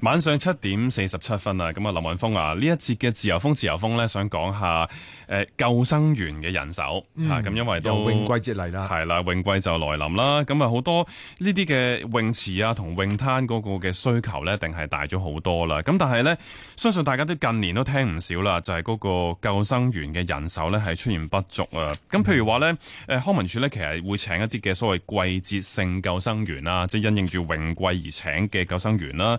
晚上七點四十七分啊，咁啊林雲峰啊，呢一節嘅自由風自由風咧，想講下誒、呃、救生員嘅人手咁、嗯、因為都有泳季節嚟啦，係啦，泳季就來臨啦，咁啊好多呢啲嘅泳池啊同泳灘嗰個嘅需求咧，定係大咗好多啦。咁但係咧，相信大家都近年都聽唔少啦，就係、是、嗰個救生員嘅人手咧係出現不足啊。咁譬如話咧，誒、嗯、康文署咧其實會請一啲嘅所謂季節性救生員啦，即係因應住泳季而請嘅救生員啦。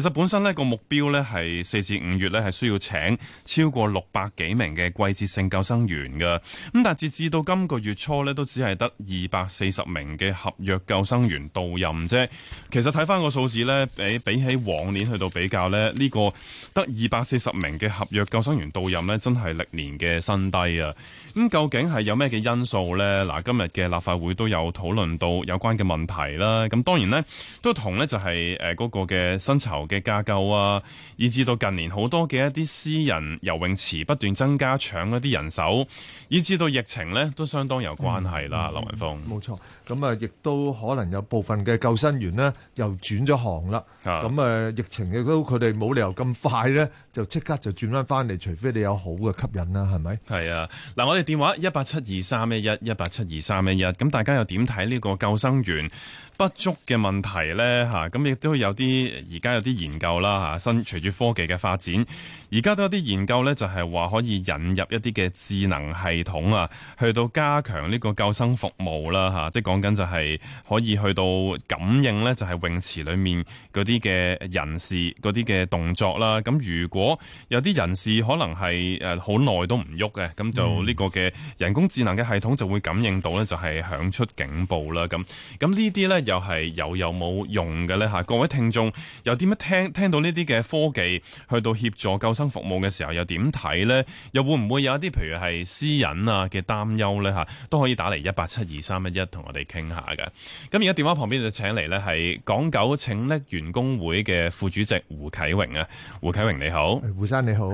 其實本身咧個目標咧係四至五月咧係需要請超過六百幾名嘅季節性救生員噶，咁但係截至到今個月初咧都只係得二百四十名嘅合約救生員到任啫。其實睇翻個數字咧，比比起往年去到比較咧，呢呢個得二百四十名嘅合約救生員到任咧，真係歷年嘅新低啊！咁究竟係有咩嘅因素呢？嗱，今日嘅立法會都有討論到有關嘅問題啦。咁當然呢，都同呢就係誒嗰個嘅薪酬。嘅架構啊，以至到近年好多嘅一啲私人游泳池不斷增加搶一啲人手，以至到疫情咧都相當有關係啦。林、嗯、文峰，冇錯，咁啊亦都可能有部分嘅救生員呢又轉咗行啦。咁啊疫情亦都佢哋冇理由咁快咧，就即刻就轉翻翻嚟，除非你有好嘅吸引啦，係咪？係啊，嗱，啊、我哋電話一八七二三一一一八七二三一一，咁大家又點睇呢個救生員不足嘅問題咧？吓，咁亦都有啲而家有啲。研究啦吓，新隨住科技嘅發展，而家都有啲研究咧，就係話可以引入一啲嘅智能系統啊，去到加強呢個救生服務啦吓。即係講緊就係、是、可以去到感應咧，就係泳池裏面啲嘅人士啲嘅動作啦。咁如果有啲人士可能係誒好耐都唔喐嘅，咁就呢個嘅人工智能嘅系統就會感應到咧，就係響出警報啦。咁咁呢啲咧，又係有有冇用嘅咧吓？各位聽眾有啲乜？聽聽到呢啲嘅科技去到協助救生服務嘅時候，又點睇呢？又會唔會有一啲譬如係私隱啊嘅擔憂呢？吓都可以打嚟，一八七二三一一同我哋傾下㗎。咁而家電話旁邊就請嚟呢係港九拯溺員工會嘅副主席胡啟榮啊。胡啟榮你好，胡生你好，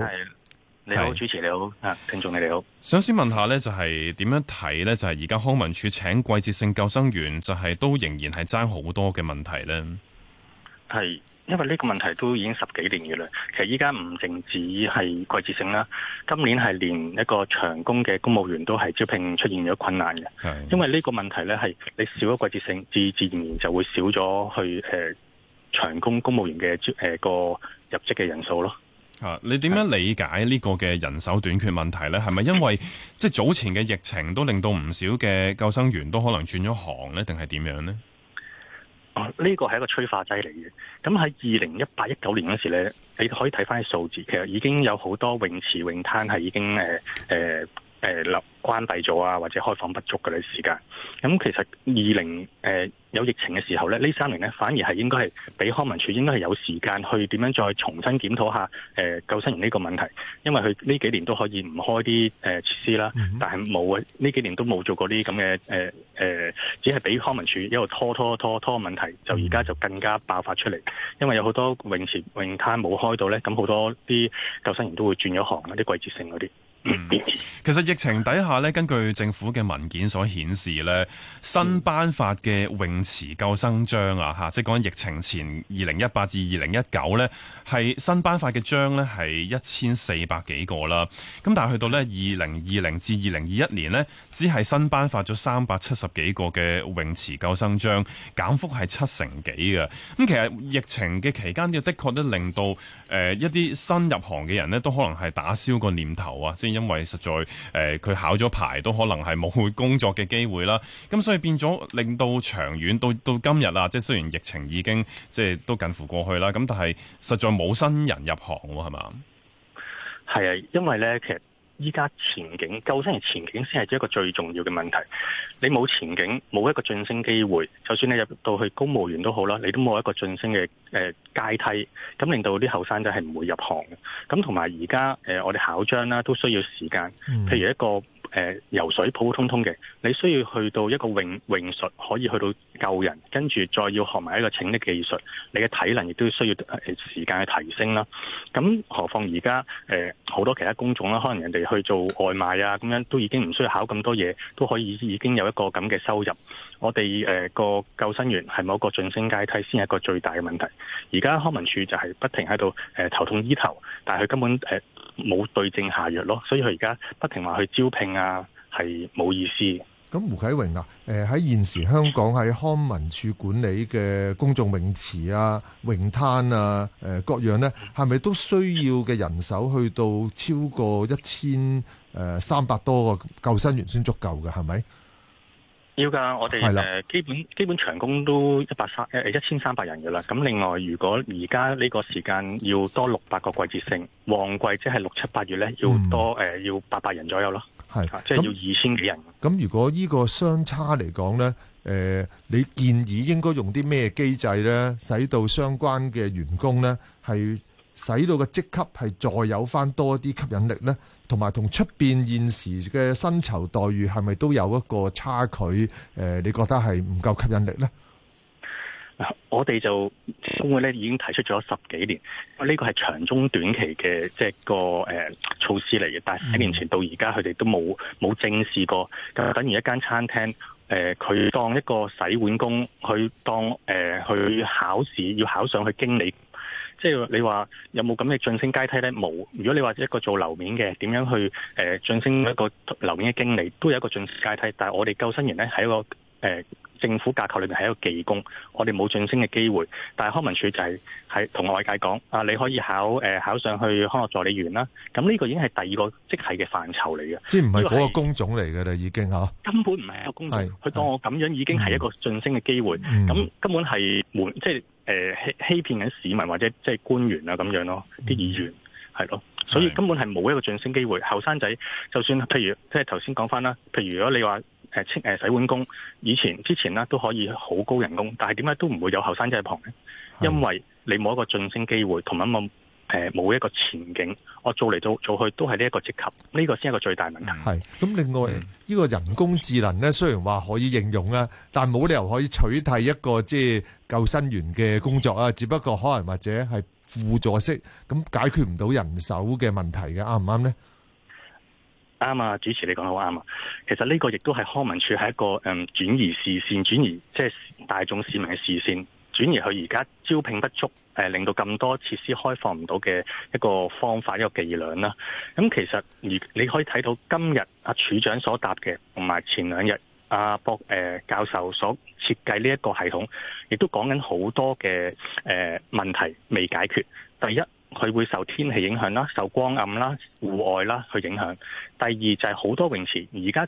你好主持你好啊，聽眾你哋好。想先問下看呢，就係點樣睇呢？就係而家康文署請季節性救生員，就係都仍然係爭好多嘅問題呢。係。因為呢個問題都已經十幾年嘅啦，其實依家唔淨止係季節性啦，今年係連一個長工嘅公務員都係招聘出現咗困難嘅，因為呢個問題呢，係你少咗季節性，自自然然就會少咗去誒、呃、長工公務員嘅誒個入職嘅人數咯。你點樣理解呢個嘅人手短缺問題呢？係咪因為即係早前嘅疫情都令到唔少嘅救生員都可能轉咗行呢？定係點樣呢？呢個係一個催化劑嚟嘅，咁喺二零一八一九年嗰時呢，你可以睇翻啲數字，其實已經有好多泳池泳灘係已經誒誒誒落關閉咗啊，或者開放不足嗰啲時間。咁其實二零誒。有疫情嘅時候咧，呢三年咧反而係應該係俾康文署應該係有時間去點樣再重新檢討下誒、呃、救生員呢個問題，因為佢呢幾年都可以唔開啲誒設施啦，但係冇啊，呢幾年都冇做過啲咁嘅誒誒，只係俾康文署一路拖拖拖拖拖拖問題，就而家就更加爆發出嚟，因為有好多泳池泳灘冇開到咧，咁好多啲救生員都會轉咗行啦，啲季節性嗰啲。嗯，其實疫情底下咧，根據政府嘅文件所顯示咧，新頒發嘅泳池救生章啊，吓，即係講疫情前二零一八至二零一九咧，係新頒發嘅章咧係一千四百幾個啦。咁但係去到咧二零二零至二零二一年咧，只係新頒發咗三百七十幾個嘅泳池救生章，減幅係七成幾嘅。咁其實疫情嘅期間，嘅的確都令到誒一啲新入行嘅人咧，都可能係打消個念頭啊，即係。因為實在誒，佢、呃、考咗牌都可能係冇工作嘅機會啦，咁所以變咗令到長遠到到今日啊，即係雖然疫情已經即係都近乎過去啦，咁但係實在冇新人入行係、啊、嘛？係啊，因為咧其實。依家前景，救生員前景先係一個最重要嘅問題。你冇前景，冇一個晉升機會，就算你入到去公務員都好啦，你都冇一個晉升嘅誒階梯，咁令到啲後生仔係唔會入行嘅。咁同埋而家誒我哋考章啦都需要時間，嗯，譬如一個。誒、呃，游水普普通通嘅，你需要去到一個泳泳術，可以去到救人，跟住再要學埋一個拯溺技術，你嘅體能亦都需要時間去提升啦。咁何況而家誒好多其他工種啦，可能人哋去做外賣啊，咁樣都已經唔需要考咁多嘢，都可以已經有一個咁嘅收入。我哋誒個救生員係某一個晉升階梯，先係一個最大嘅問題。而家康文署就係不停喺度誒頭痛醫頭，但係佢根本誒。呃冇對症下藥咯，所以佢而家不停話去招聘啊，係冇意思。咁胡啟榮啊，誒喺現時香港喺康文署管理嘅公眾泳池啊、泳灘啊、誒、呃、各樣呢，係咪都需要嘅人手去到超過一千誒三百多個救生員先足夠嘅？係咪？要㗎，我哋誒、呃、基本基本長工都一百三誒一千三百人嘅啦。咁另外，如果而家呢個時間要多六百個季節性旺季，即係六七八月咧，要多誒、呃、要八百人左右咯。係，即係要二千幾人。咁如果呢個相差嚟講咧，誒、呃，你建議應該用啲咩機制咧，使到相關嘅員工咧係？是使到嘅職級係再有翻多啲吸引力呢？同埋同出邊現時嘅薪酬待遇係咪都有一個差距？誒、呃，你覺得係唔夠吸引力呢？我哋就工會咧已經提出咗十幾年，呢個係長中短期嘅即係個誒、呃、措施嚟嘅，但係一年前到而家佢哋都冇冇正視過。咁等於一間餐廳，誒、呃、佢當一個洗碗工，佢當誒去、呃、考試要考上去經理。即、就、係、是、你話有冇咁嘅晉升階梯咧？冇。如果你話一個做樓面嘅，點樣去誒晉、呃、升一個樓面嘅經理，都有一個晉升階梯。但係我哋救生員咧係一個誒、呃、政府架構裏邊係一個技工，我哋冇晉升嘅機會。但係康文署就係喺同外界講，啊你可以考誒、呃、考上去康樂助理員啦。咁呢個已經係第二個職系嘅範疇嚟嘅，即係唔係嗰個工種嚟嘅啦，已經吓。根本唔係一個工種，佢當我咁樣已經係一個晉升嘅機會。咁、嗯、根本係滿即係。就是誒、呃、欺欺騙緊市民或者即係官員啊咁樣咯，啲、嗯、議員係咯，所以根本係冇一個晉升機會。後生仔就算譬如即係頭先講翻啦，譬如如果你話誒清誒洗碗工，以前之前啦都可以好高人工，但係點解都唔會有後生仔旁咧？因為你冇一個晉升機會，同埋一誒，冇一個前景，我做嚟做做去都係呢一個職級，呢、這個先係一個最大問題。係咁，另外呢、這個人工智能咧，雖然話可以應用啦，但冇理由可以取締一個即係救生員嘅工作啊，只不過可能或者係輔助式，咁解決唔到人手嘅問題嘅，啱唔啱呢？啱啊，主持你講得好啱啊，其實呢個亦都係康文署係一個誒、嗯、轉移視線，轉移即係大眾市民嘅視線。轉移佢而家招聘不足，令到咁多設施開放唔到嘅一個方法，一個伎倆啦。咁其實而你可以睇到今日阿、啊、處長所答嘅，同埋前兩日阿、啊、博、呃、教授所設計呢一個系統，亦都講緊好多嘅誒、呃、問題未解決。第一，佢會受天氣影響啦，受光暗啦、戶外啦去影響。第二就係、是、好多泳池而家誒。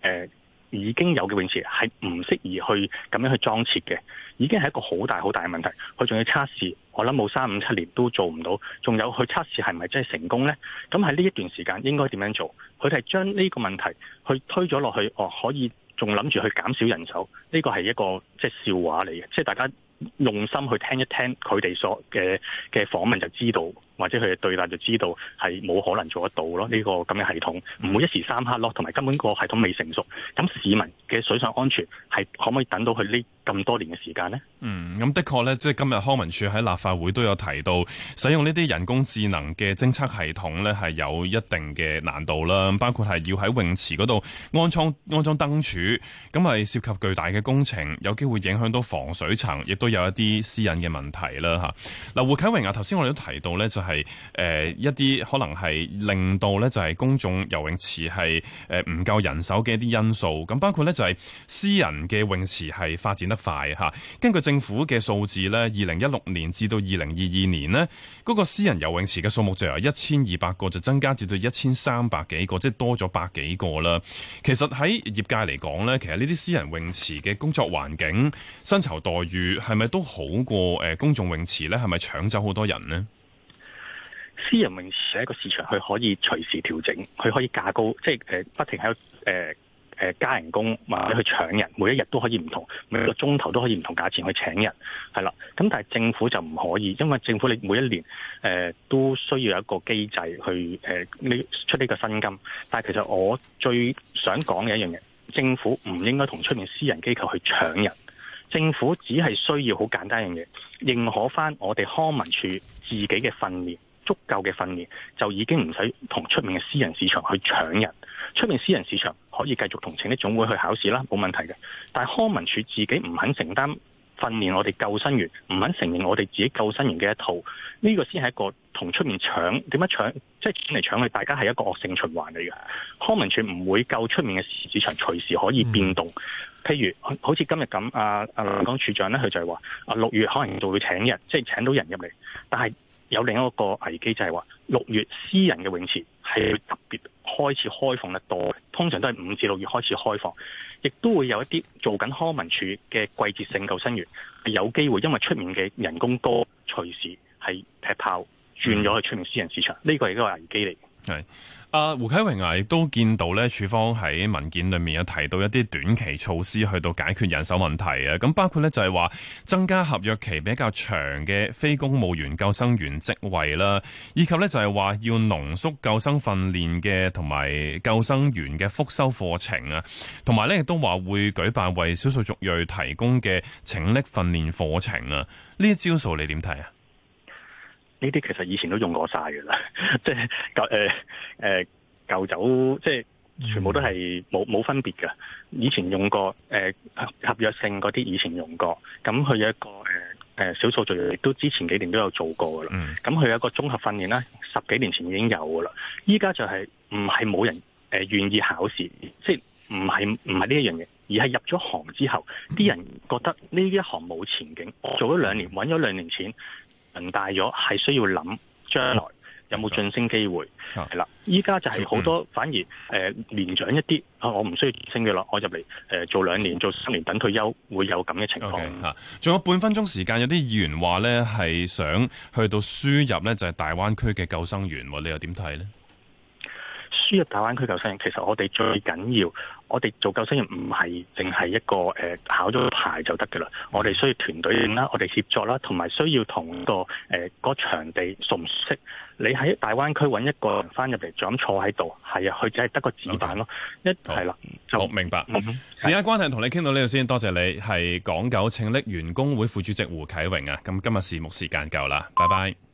呃已經有嘅泳池係唔適宜去咁樣去裝設嘅，已經係一個好大好大嘅問題。佢仲要測試，我諗冇三五七年都做唔到，仲有去測試係咪真係成功呢？咁喺呢一段時間應該點樣做？佢哋將呢個問題去推咗落去，哦，可以仲諗住去減少人手，呢個係一個即係笑話嚟嘅，即係大家用心去聽一聽佢哋所嘅嘅訪問就知道。或者佢哋對立就知道係冇可能做得到咯。呢個咁嘅系統唔會一時三刻咯，同埋根本個系統未成熟。咁市民嘅水上安全係可唔可以等到佢呢咁多年嘅時間呢？嗯，咁的確呢，即係今日康文署喺立法會都有提到，使用呢啲人工智能嘅偵測系統呢係有一定嘅難度啦。包括係要喺泳池嗰度安裝安裝燈柱，咁係涉及巨大嘅工程，有機會影響到防水層，亦都有一啲私隱嘅問題啦。嚇，嗱，胡啟榮啊，頭先我哋都提到呢。就係係誒、呃，一啲可能係令到咧，就係、是、公眾游泳池係誒唔夠人手嘅一啲因素。咁包括咧，就係、是、私人嘅泳池係發展得快吓。根據政府嘅數字咧，二零一六年至到二零二二年呢嗰、那個私人游泳池嘅數目就由一千二百個就增加至到一千三百幾個，即係多咗百幾個啦。其實喺業界嚟講咧，其實呢啲私人泳池嘅工作環境、薪酬待遇係咪都好過誒公眾泳池咧？係咪搶走好多人呢？私人泳池係一個市場，佢可以隨時調整，佢可以價高，即係誒不停喺度誒誒加人工啊，去搶人，每一日都可以唔同，每個鐘頭都可以唔同價錢去請人，係啦。咁但係政府就唔可以，因為政府你每一年誒都需要有一個機制去誒出呢個薪金。但係其實我最想講嘅一樣嘢，政府唔應該同出面私人機構去搶人，政府只係需要好簡單一樣嘢，認可翻我哋康文署自己嘅訓練。足夠嘅訓練就已經唔使同出面嘅私人市場去搶人，出面私人市場可以繼續同請啲總會去考試啦，冇問題嘅。但係康文署自己唔肯承擔訓練我哋救生員，唔肯承認我哋自己救生員嘅一套，呢個先係一個同出面搶，點樣搶？即係搶嚟搶去，大家係一個惡性循環嚟嘅。康文署唔會夠出面嘅市場隨時可以變動，譬如好似今日咁，阿阿梁江處長咧，佢就係話，啊六月可能就會請人，即係請到人入嚟，但係。有另一個危機就係話，六月私人嘅泳池係特別開始開放得多的，通常都係五至六月開始開放，亦都會有一啲做緊康文署嘅季節性救生員係有機會，因為出面嘅人工多，隨時係劈炮轉咗去出面私人市場，呢個亦都係危機嚟。係、啊，胡啟榮啊，亦都見到咧，署方喺文件裏面有提到一啲短期措施去到解決人手問題啊。咁包括咧就係、是、話增加合約期比較長嘅非公務員救生員職位啦、啊，以及咧就係、是、話要濃縮救生訓練嘅同埋救生員嘅復修課程啊，同埋咧亦都話會舉辦為少數族裔提供嘅拯溺訓練課程啊。呢一招數你點睇啊？呢啲其實以前都用過晒嘅啦，即係、呃呃、舊誒誒舊酒，即係全部都係冇冇分別嘅。以前用過誒合約約性嗰啲，以前用過。咁、呃、佢有一個誒誒、呃、小數序亦都之前幾年都有做過㗎啦。咁、mm. 佢有一個綜合訓練啦十幾年前已經有㗎啦。依家就係唔係冇人誒、呃、願意考試，即係唔係唔係呢一樣嘢，而係入咗行之後，啲人覺得呢一行冇前景，做咗兩年搵咗兩年錢。人大咗係需要諗將來有冇晉升機會係啦，依家就係好多，嗯，反而誒年、呃、長一啲，我唔需要升嘅啦，我入嚟誒做兩年做三年等退休會有咁嘅情況吓。仲、okay. 有半分鐘時間，有啲議員話咧係想去到輸入咧就係、是、大灣區嘅救生員，你又點睇咧？輸入大灣區救生員，其實我哋最緊要。我哋做救生員唔係淨係一個誒、呃、考咗牌就得噶啦。我哋需要團隊啦，我哋協作啦，同埋需要同個誒、呃、場地熟悉。你喺大灣區搵一個人翻入嚟，就咁坐喺度，係啊，佢只係得個紙板咯。一係啦，好明白。時、okay. 間關係，同你傾到呢度先。多謝你係港九拯溺員工會副主席胡啟榮啊。咁今日事目時間夠啦，拜拜。拜拜